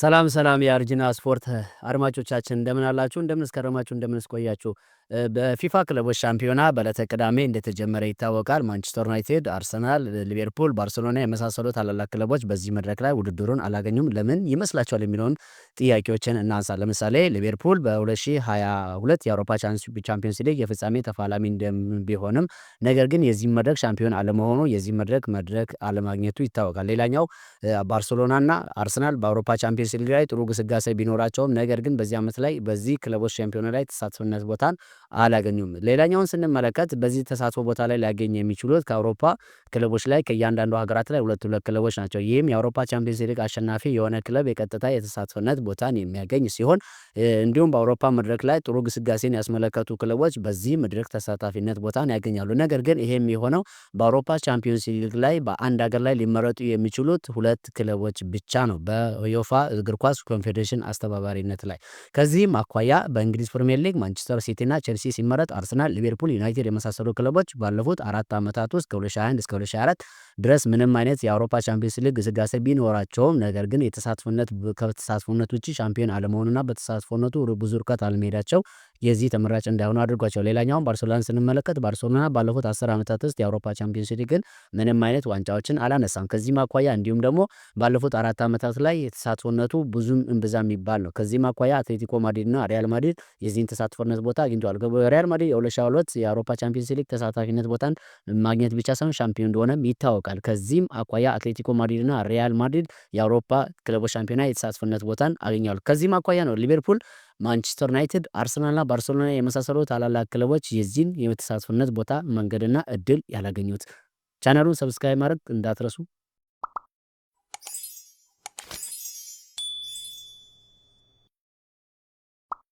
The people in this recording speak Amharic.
ሰላም ሰላም የአርጅና ስፖርት አድማጮቻችን እንደምን አላችሁ? እንደምን እስከረማችሁ? እንደምን እስቆያችሁ? በፊፋ ክለቦች ሻምፒዮና በዕለተ ቅዳሜ እንደተጀመረ ይታወቃል። ማንቸስተር ዩናይትድ፣ አርሰናል፣ ሊቨርፑል፣ ባርሴሎና የመሳሰሉ ታላላቅ ክለቦች በዚህ መድረክ ላይ ውድድሩን አላገኙም። ለምን ይመስላችኋል የሚለውን ጥያቄዎችን እናንሳ። ለምሳሌ ሊቨርፑል በ2022 የአውሮፓ ቻምፒዮንስ ሊግ የፍጻሜ ተፋላሚ ቢሆንም ነገር ግን የዚህ መድረክ ሻምፒዮን አለመሆኑ የዚህ መድረክ መድረክ አለማግኘቱ ይታወቃል። ሌላኛው ባርሴሎናና አርሰናል በአውሮፓ ቻምፒዮንስ ሊግ ላይ ጥሩ ግስጋሴ ቢኖራቸውም ነገር ግን በዚህ ዓመት ላይ በዚህ ክለቦች ሻምፒዮን ላይ ተሳትፎነት ቦታን አላገኙም። ሌላኛውን ስንመለከት በዚህ ተሳትፎ ቦታ ላይ ሊያገኝ የሚችሉት ከአውሮፓ ክለቦች ላይ ከእያንዳንዱ ሀገራት ላይ ሁለት ሁለት ክለቦች ናቸው። ይህም የአውሮፓ ቻምፒዮንስ ሊግ አሸናፊ የሆነ ክለብ የቀጥታ የተሳትፎነት ቦታን የሚያገኝ ሲሆን እንዲሁም በአውሮፓ መድረክ ላይ ጥሩ ግስጋሴን ያስመለከቱ ክለቦች በዚህ መድረክ ተሳታፊነት ቦታን ያገኛሉ። ነገር ግን ይሄ የሚሆነው በአውሮፓ ቻምፒዮንስ ሊግ ላይ በአንድ ሀገር ላይ ሊመረጡ የሚችሉት ሁለት ክለቦች ብቻ ነው በዮፋ እግር ኳስ ኮንፌዴሬሽን አስተባባሪነት ላይ። ከዚህም አኳያ በእንግሊዝ ፕሪምየር ሊግ ማንቸስተር ሲቲና ቼልሲ ሲመረጥ አርሰናል፣ ሊቨርፑል፣ ዩናይትድ የመሳሰሉ ክለቦች ባለፉት አራት ዓመታት ውስጥ ከ2021 እስከ 2024 ድረስ ምንም አይነት የአውሮፓ ቻምፒዮንስ ሊግ ግስጋሴ ቢኖራቸውም ነገር ግን የተሳትፎነት ውጭ ሻምፒዮን አለመሆኑና በተሳትፎነቱ ብዙ ርቀት አለመሄዳቸው የዚህ ተመራጭ እንዳይሆኑ አድርጓቸው ሌላኛውን ባርሴሎናን ስንመለከት ባርሴሎና ባለፉት አስር ዓመታት ውስጥ የአውሮፓ ቻምፒዮንስ ሊግን ምንም አይነት ዋንጫዎችን አላነሳም። ከዚህም አኳያ እንዲሁም ደግሞ ባለፉት አራት ዓመታት ላይ የተሳትፎነቱ ብዙም እንብዛ የሚባል ነው። ከዚህም አኳያ አትሌቲኮ ማድሪድ ሪያል ማድሪድ የዚህን ተሳትፎነት ቦታ አግኝተዋል። ሪያል ማድሪድ የ ሁለት የአውሮፓ ቻምፒዮንስ ሊግ ተሳታፊነት ቦታን ማግኘት ብቻ ሳይሆን ሻምፒዮን እንደሆነም ይታወቃል። ከዚህም አኳያ አትሌቲኮ ማድሪድ ሪያል ማድሪድ የአውሮፓ ክለቦች ሻምፒዮና የተሳትፎነት ቦታን አገኘዋል። ከዚህም አኳያ ነው ሊቨርፑል፣ ማንቸስተር ዩናይትድ፣ አርሰናልና ባርሴሎና የመሳሰሉ ታላላቅ ክለቦች የዚህን የተሳትፎነት ቦታ መንገድና እድል ያላገኙት። ቻናሉን ሰብስክራይብ ማድረግ እንዳትረሱ።